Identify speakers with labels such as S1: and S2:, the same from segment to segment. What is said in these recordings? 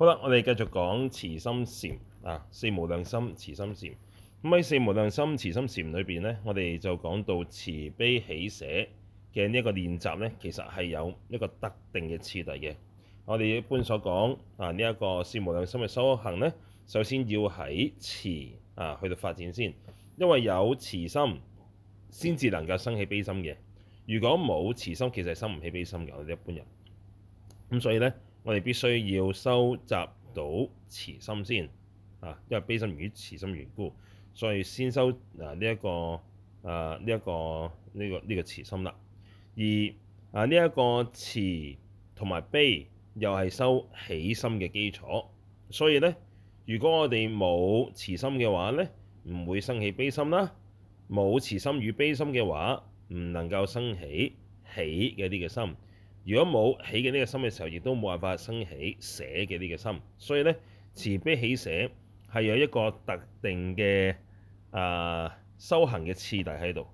S1: 好啦，我哋繼續講慈心禪。啊，四無量心慈心禪。咁喺四無量心慈心禪裏邊咧，我哋就講到慈悲喜捨嘅呢一個練習咧，其實係有一個特定嘅次第嘅。我哋一般所講啊，呢、這、一個四無量心嘅修行咧，首先要喺慈啊去到發展先，因為有慈心先至能夠生起悲心嘅。如果冇慈心，其實生唔起悲心嘅，我哋一般人咁所以咧。我哋必須要收集到慈心先啊，因為悲心與慈心緣故，所以先收嗱呢一個誒呢一個呢、啊呢個呢、呢個慈心啦。而啊呢一、呢個慈同埋悲又係收喜心嘅基礎，所以呢，如果我哋冇慈心嘅話呢，唔會生起悲心啦；冇慈心與悲心嘅話，唔能夠生起喜嘅呢個心。如果冇喜嘅呢個心嘅時候，亦都冇辦法升起捨嘅呢個心，所以呢，慈悲喜捨係有一個特定嘅啊、呃、修行嘅次第喺度。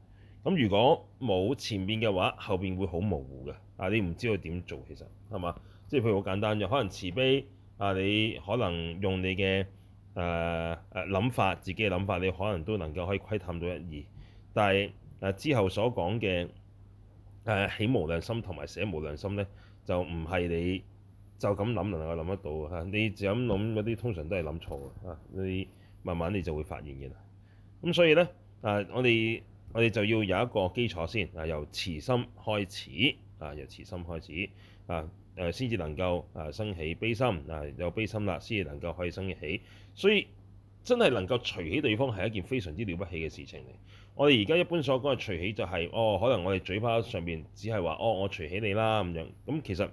S1: 咁如果冇前面嘅話，後邊會好模糊嘅，啊你唔知道點做其實係嘛？即係譬如好簡單就可能慈悲啊，你可能用你嘅誒誒諗法，自己嘅諗法，你可能都能夠可以窺探到一二，但係啊之後所講嘅。誒、啊、喜無量心同埋捨無量心咧，就唔係你就咁諗能夠諗得到嚇、啊。你就咁諗嗰啲通常都係諗錯嚇、啊。你慢慢你就會發現嘅啦。咁所以咧，誒、啊、我哋我哋就要有一個基礎先。啊，由慈心開始。啊，由慈心開始。啊誒，先、呃、至能夠啊生起悲心。啊，有悲心啦，先至能夠可以生起。所以真係能夠隨喜對方係一件非常之了不起嘅事情嚟。我哋而家一般所講嘅隨喜，就係、是，哦，可能我哋嘴巴上面只係話，哦，我隨喜你啦咁樣。咁其實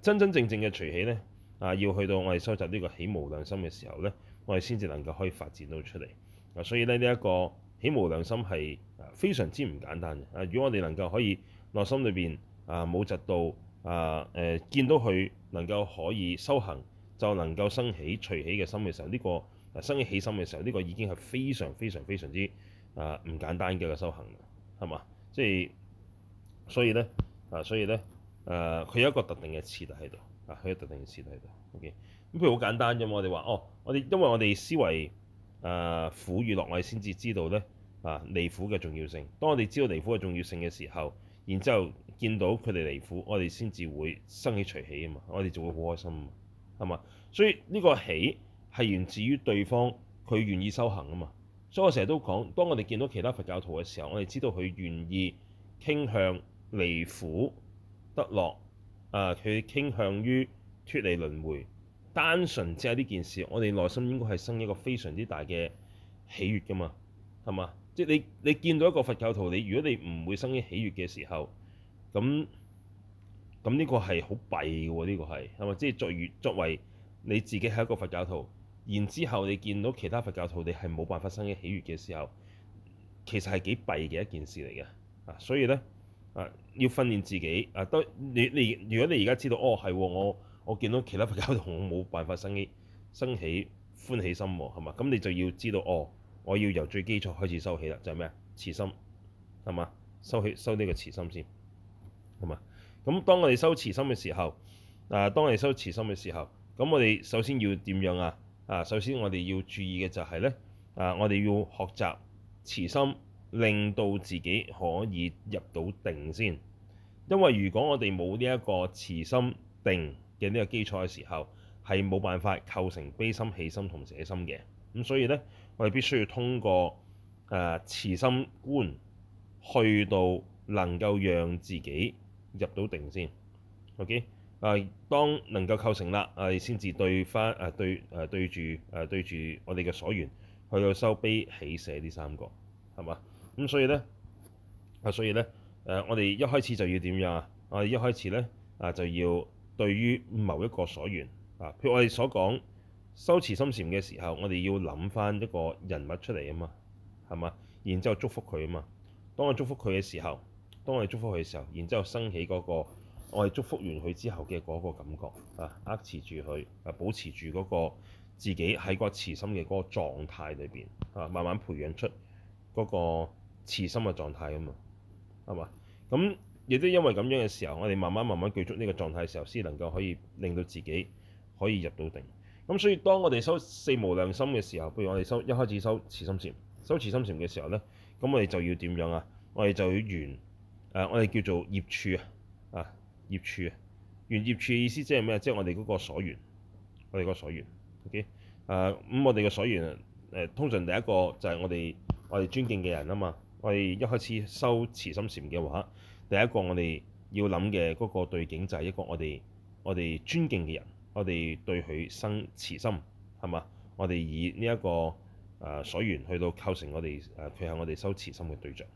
S1: 真真正正嘅隨喜呢，啊，要去到我哋修習呢個喜無量心嘅時候呢，我哋先至能夠可以發展到出嚟。啊，所以咧呢一、這個喜無量心係非常之唔簡單嘅。啊，如果我哋能夠可以內心裏邊啊冇嫉妒，啊，誒、呃、見到佢能夠可以修行，就能夠生起隨喜嘅心嘅時候，呢、這個、啊、生起喜心嘅時候，呢、這個已經係非常非常非常之。啊，唔簡單嘅一個修行，係嘛？即係所以咧，啊，所以咧，誒、啊，佢有一個特定嘅前提喺度，啊，佢有特定嘅前提喺度。OK，咁譬如好簡單啫嘛，我哋話，哦，我哋因為我哋思維，誒、啊，苦與樂，我哋先至知道咧，啊，離苦嘅重要性。當我哋知道離苦嘅重要性嘅時候，然之後見到佢哋離苦，我哋先至會生起隨喜啊嘛，我哋就會好開心啊嘛，係嘛？所以呢個喜係源自於對方佢願意修行啊嘛。所以我成日都講，當我哋見到其他佛教徒嘅時候，我哋知道佢願意傾向離苦得樂，啊，佢傾向於脫離輪迴，單純只係呢件事，我哋內心應該係生一個非常之大嘅喜悅噶嘛，係咪？即係你你見到一個佛教徒，你如果你唔會生起喜悅嘅時候，咁咁呢個係好弊嘅喎，呢個係係咪？即係作如作為你自己係一個佛教徒。然之後，你見到其他佛教徒，你係冇辦法生起喜悦嘅時候，其實係幾弊嘅一件事嚟嘅啊。所以咧啊，要訓練自己啊。都你你，如果你而家知道哦係喎、哦，我我見到其他佛教徒，我冇辦法生起生起歡喜心喎、哦，係嘛？咁你就要知道哦，我要由最基礎開始修起啦，就係咩啊？慈心係嘛？修起修呢個慈心先係嘛？咁當我哋修慈心嘅時候，啊，當我哋修慈心嘅時候，咁我哋首先要點樣啊？啊，首先我哋要注意嘅就係、是、呢，啊，我哋要學習慈心，令到自己可以入到定先。因為如果我哋冇呢一個慈心定嘅呢個基礎嘅時候，係冇辦法構成悲心、喜心同捨心嘅。咁所以呢，我哋必須要通過、啊、慈心觀，去到能夠讓自己入到定先。OK。啊，當能夠構成啦，啊，先至對翻，啊對，啊對住，啊對住我哋嘅所緣，去到修悲喜捨呢三個，係嘛？咁所以咧，啊所以咧，誒我哋一開始就要點樣啊？我哋一開始咧，啊就要對於某一個所緣，啊譬如我哋所講修持心禪嘅時候，我哋要諗翻一個人物出嚟啊嘛，係嘛？然之後祝福佢啊嘛。當我祝福佢嘅時候，當我祝福佢嘅時候，然之後升起嗰個。我哋祝福完佢之後嘅嗰個感覺啊，握持住佢，啊保持住嗰個自己喺個慈心嘅嗰個狀態裏邊啊，慢慢培養出嗰個慈心嘅狀態啊嘛，係嘛？咁亦都因為咁樣嘅時候，我哋慢慢慢慢具足呢個狀態嘅時候，先能夠可以令到自己可以入到定。咁所以當我哋修四無量心嘅時候，譬如我哋修一開始修慈心禪，修慈心禪嘅時候呢，咁我哋就要點樣要啊？我哋就要圓誒，我哋叫做業處啊啊！業處啊，緣業處嘅意思即係咩？即係我哋嗰個所緣，我哋個所緣。O.K. 啊、呃，咁我哋嘅所緣誒、呃，通常第一個就係我哋我哋尊敬嘅人啊嘛。我哋一開始收慈心禪嘅話，第一個我哋要諗嘅嗰個對境就係一個我哋我哋尊敬嘅人，我哋對佢生慈心係嘛？我哋以呢一個誒、呃、所緣去到構成我哋誒佢係我哋收慈心嘅對象。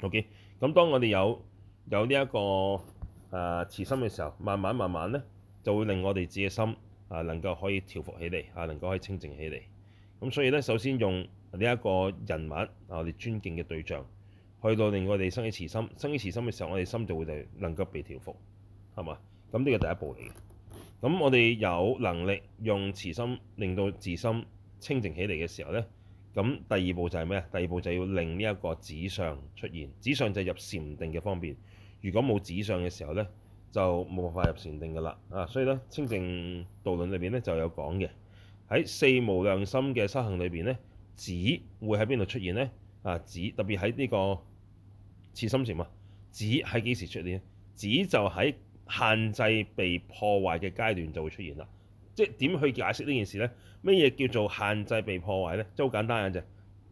S1: O.K. 咁當我哋有有呢一個。誒慈心嘅時候，慢慢慢慢咧，就會令我哋自己嘅心啊，能夠可以調伏起嚟啊，能夠可以清淨起嚟。咁所以咧，首先用呢一個人物啊，我哋尊敬嘅對象，去到令我哋生起慈心，生起慈心嘅時候，我哋心就會就能夠被調伏，係嘛？咁呢個第一步嚟嘅。咁我哋有能力用慈心令到自心清淨起嚟嘅時候咧，咁第二步就係咩啊？第二步就要令呢一個紙相出現，紙相就入禪定嘅方面。如果冇紙上嘅時候呢，就冇辦法入禪定噶啦啊！所以呢，清淨道論裏邊呢就有講嘅，喺四無量心嘅修行裏邊呢，紙會喺邊度出現呢？啊，紙特別喺呢個慈心禪啊，紙喺幾時出現呢？紙就喺限制被破壞嘅階段就會出現啦。即係點去解釋呢件事呢？咩嘢叫做限制被破壞呢？好簡單嘅啫。誒、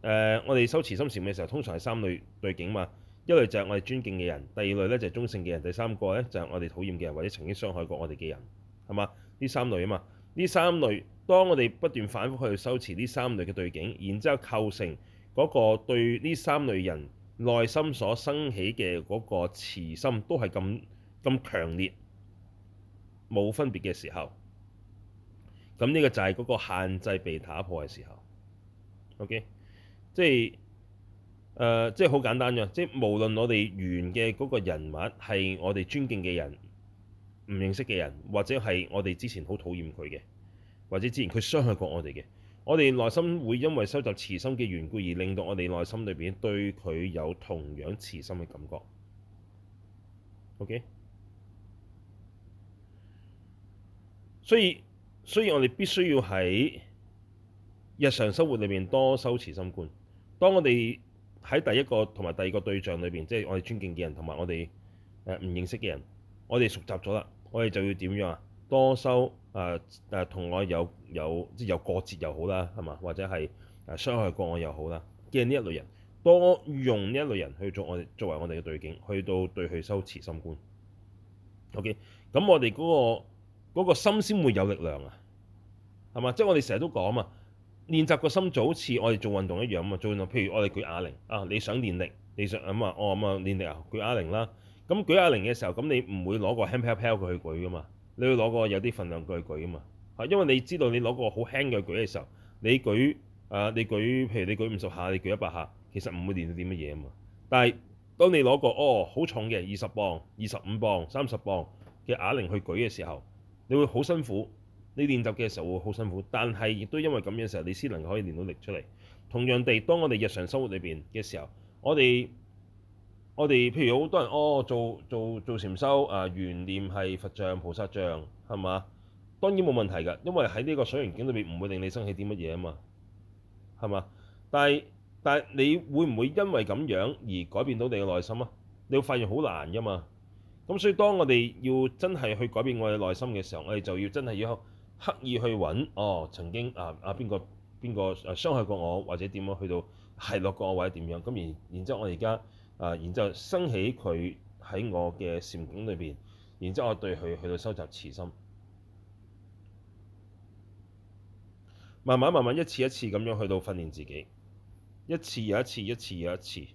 S1: 呃，我哋修慈心禪嘅時候，通常係三類對境嘛。一類就係我哋尊敬嘅人，第二類咧就係中性嘅人，第三個咧就係我哋討厭嘅人或者曾經傷害過我哋嘅人，係嘛？呢三類啊嘛，呢三類當我哋不斷反覆去修持呢三類嘅對境，然之後構成嗰個對呢三類人內心所生起嘅嗰個慈心都係咁咁強烈，冇分別嘅時候，咁呢個就係嗰個限制被打破嘅時候，OK，即係。誒、uh, 即係好簡單㗎，即係無論我哋緣嘅嗰個人物係我哋尊敬嘅人、唔認識嘅人，或者係我哋之前好討厭佢嘅，或者之前佢傷害過我哋嘅，我哋內心會因為修習慈心嘅緣故而令到我哋內心裏邊對佢有同樣慈心嘅感覺。OK，所以所以我哋必須要喺日常生活裏面多修慈心觀，當我哋。喺第一個同埋第二個對象裏邊，即係我哋尊敬嘅人同埋我哋誒唔認識嘅人，我哋熟習咗啦，我哋就要點樣啊？多收誒誒、呃呃、同我有有即係有過節又好啦，係嘛？或者係誒、呃、傷害過我又好啦，嘅呢一類人，多用呢一類人去做我哋作為我哋嘅對境，去到對佢修慈心觀。OK，咁我哋嗰個嗰個心先會有力量啊，係嘛？即係我哋成日都講啊。練習個心就好似我哋做運動一樣嘛，做運動譬如我哋舉啞鈴啊，你想練力，你想咁啊，哦咁啊練力啊，舉啞鈴啦。咁、嗯、舉啞鈴嘅時候，咁你唔會攞個輕飄飄佢去舉噶嘛，你會攞個有啲份量佢去舉嘛。啊，因為你知道你攞個好輕嘅舉嘅時候，你舉誒、啊，你舉譬如你舉五十下，你舉一百下，其實唔會練到啲乜嘢啊嘛。但係當你攞個哦好重嘅二十磅、二十五磅、三十磅嘅啞鈴去舉嘅時候，你會好辛苦。你練習嘅時候會好辛苦，但係亦都因為咁樣嘅時候，你先能夠可以練到力出嚟。同樣地，當我哋日常生活裏面嘅時候，我哋我哋譬如好多人哦，做做做禪修啊，圓念係佛像、菩薩像，係嘛？當然冇問題㗎，因為喺呢個水環境裏面唔會令你生起啲乜嘢啊嘛，係嘛？但係但係你會唔會因為咁樣而改變到你嘅內心啊？你會發現好難㗎嘛。咁所以當我哋要真係去改變我哋內心嘅時候，我哋就要真係要。刻意去揾哦，曾經啊啊邊個邊個傷害過我，或者點樣去到奚落過我，或者點樣咁而然之後，後我而家啊，然之後升起佢喺我嘅禪境裏邊，然之後我對佢去到收集慈心，慢慢慢慢一次一次咁樣去到訓練自己，一次又一次，一次又一次。一次一次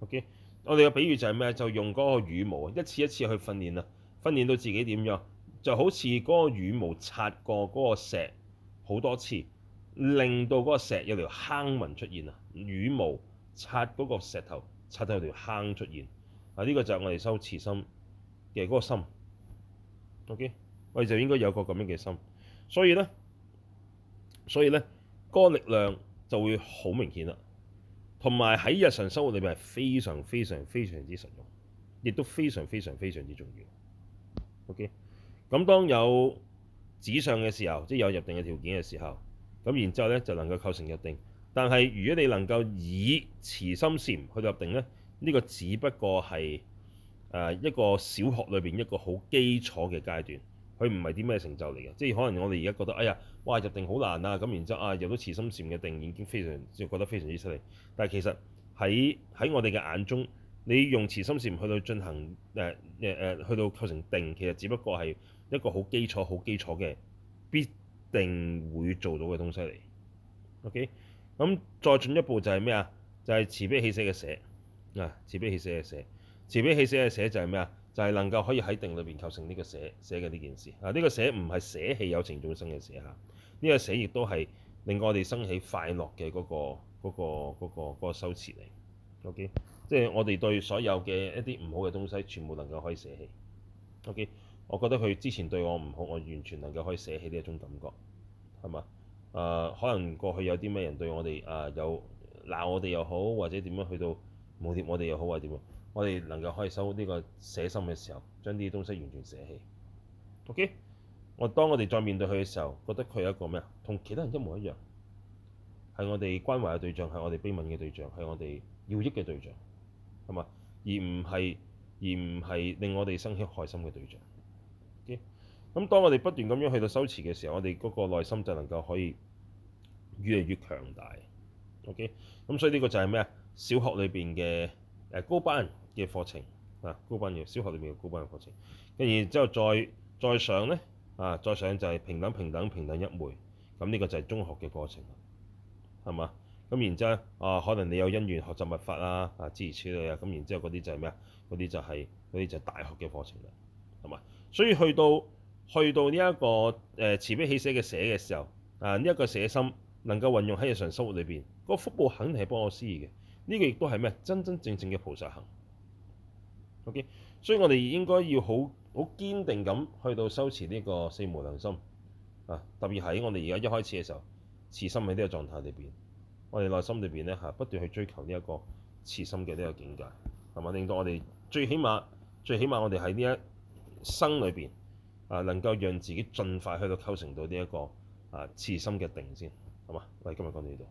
S1: OK，我哋嘅比喻就係咩？就用嗰個羽毛，一次一次去訓練啊，訓練到自己點樣？就好似嗰個羽毛擦過嗰個石好多次，令到嗰個石有條坑紋出現啊！羽毛擦嗰個石頭，擦到有條坑出現啊！呢、這個就係我哋修慈心嘅嗰個心。O、okay? K，我哋就應該有個咁樣嘅心。所以呢，所以呢，嗰、那個力量就會好明顯啦。同埋喺日常生活裏面係非常非常非常之實用，亦都非常非常非常之重要。O K。咁當有紙上嘅時候，即、就、係、是、有入定嘅條件嘅時候，咁然之後呢，就能夠構成入定。但係如果你能夠以慈心禪去入定呢，呢、這個只不過係誒、呃、一個小學裏邊一個好基礎嘅階段，佢唔係啲咩成就嚟嘅。即、就、係、是、可能我哋而家覺得，哎呀，哇入定好難啊！咁然之後啊入到慈心禪嘅定已經非常即係覺得非常之犀利。但係其實喺喺我哋嘅眼中，你用慈心禪去到進行誒誒、呃呃、去到構成定，其實只不過係，一個好基礎、好基礎嘅必定會做到嘅東西嚟。OK，咁再進一步就係咩啊？就係、是、慈悲喜捨嘅捨啊！慈悲喜捨嘅捨，慈悲喜捨嘅捨就係咩、就是、啊？就係能夠可以喺定裏邊構成呢個捨捨嘅呢件事啊！呢、這個捨唔係捨棄有情眾生嘅捨啊！呢個捨亦都係令我哋生起快樂嘅嗰個嗰、那個嗰、那個修持嚟、那個那個。OK，即係我哋對所有嘅一啲唔好嘅東西，全部能夠可以捨棄。OK。我覺得佢之前對我唔好，我完全能夠可以捨棄呢一種感覺，係嘛？誒、呃，可能過去有啲咩人對我哋誒、呃、有鬧我哋又好，或者點樣去到冇掂我哋又好，或者點樣，我哋能夠可以收呢個捨心嘅時候，將呢啲東西完全捨棄。OK，我當我哋再面對佢嘅時候，覺得佢係一個咩啊？同其他人一模一樣，係我哋關懷嘅對象，係我哋悲憫嘅對象，係我哋要益嘅對象，係嘛？而唔係而唔係令我哋生起害心嘅對象。咁當我哋不斷咁樣去到修持嘅時候，我哋嗰個內心就能夠可以越嚟越強大。OK，咁所以呢個就係咩啊？小學裏邊嘅誒高班嘅課程啊，高班嘅小學裏邊嘅高班嘅課程，跟住之後再再上咧啊，再上就係平等平等平等一味。咁呢個就係中學嘅課程啦，係嘛？咁然之後啊，可能你有因緣學習密法啊，啊諸如此類啊，咁然之後嗰啲就係咩啊？嗰啲就係嗰啲就係大學嘅課程啦。所以去到去到呢一個誒慈悲喜捨嘅捨嘅時候，啊呢一個捨心能夠運用喺日常生活裏邊，個福報肯定係不可思議嘅。呢個亦都係咩？真真正正嘅菩薩行。OK，所以我哋應該要好好堅定咁去到修持呢個四無量心啊，特別喺我哋而家一開始嘅時候，慈心喺呢個狀態裏邊，我哋內心裏邊咧嚇不斷去追求呢一個慈心嘅呢個境界，係嘛？令到我哋最起碼最起碼我哋喺呢一生裏邊啊，能夠讓自己盡快去到構成到呢一個啊慈心嘅定先，好嘛？我哋今日講到呢度。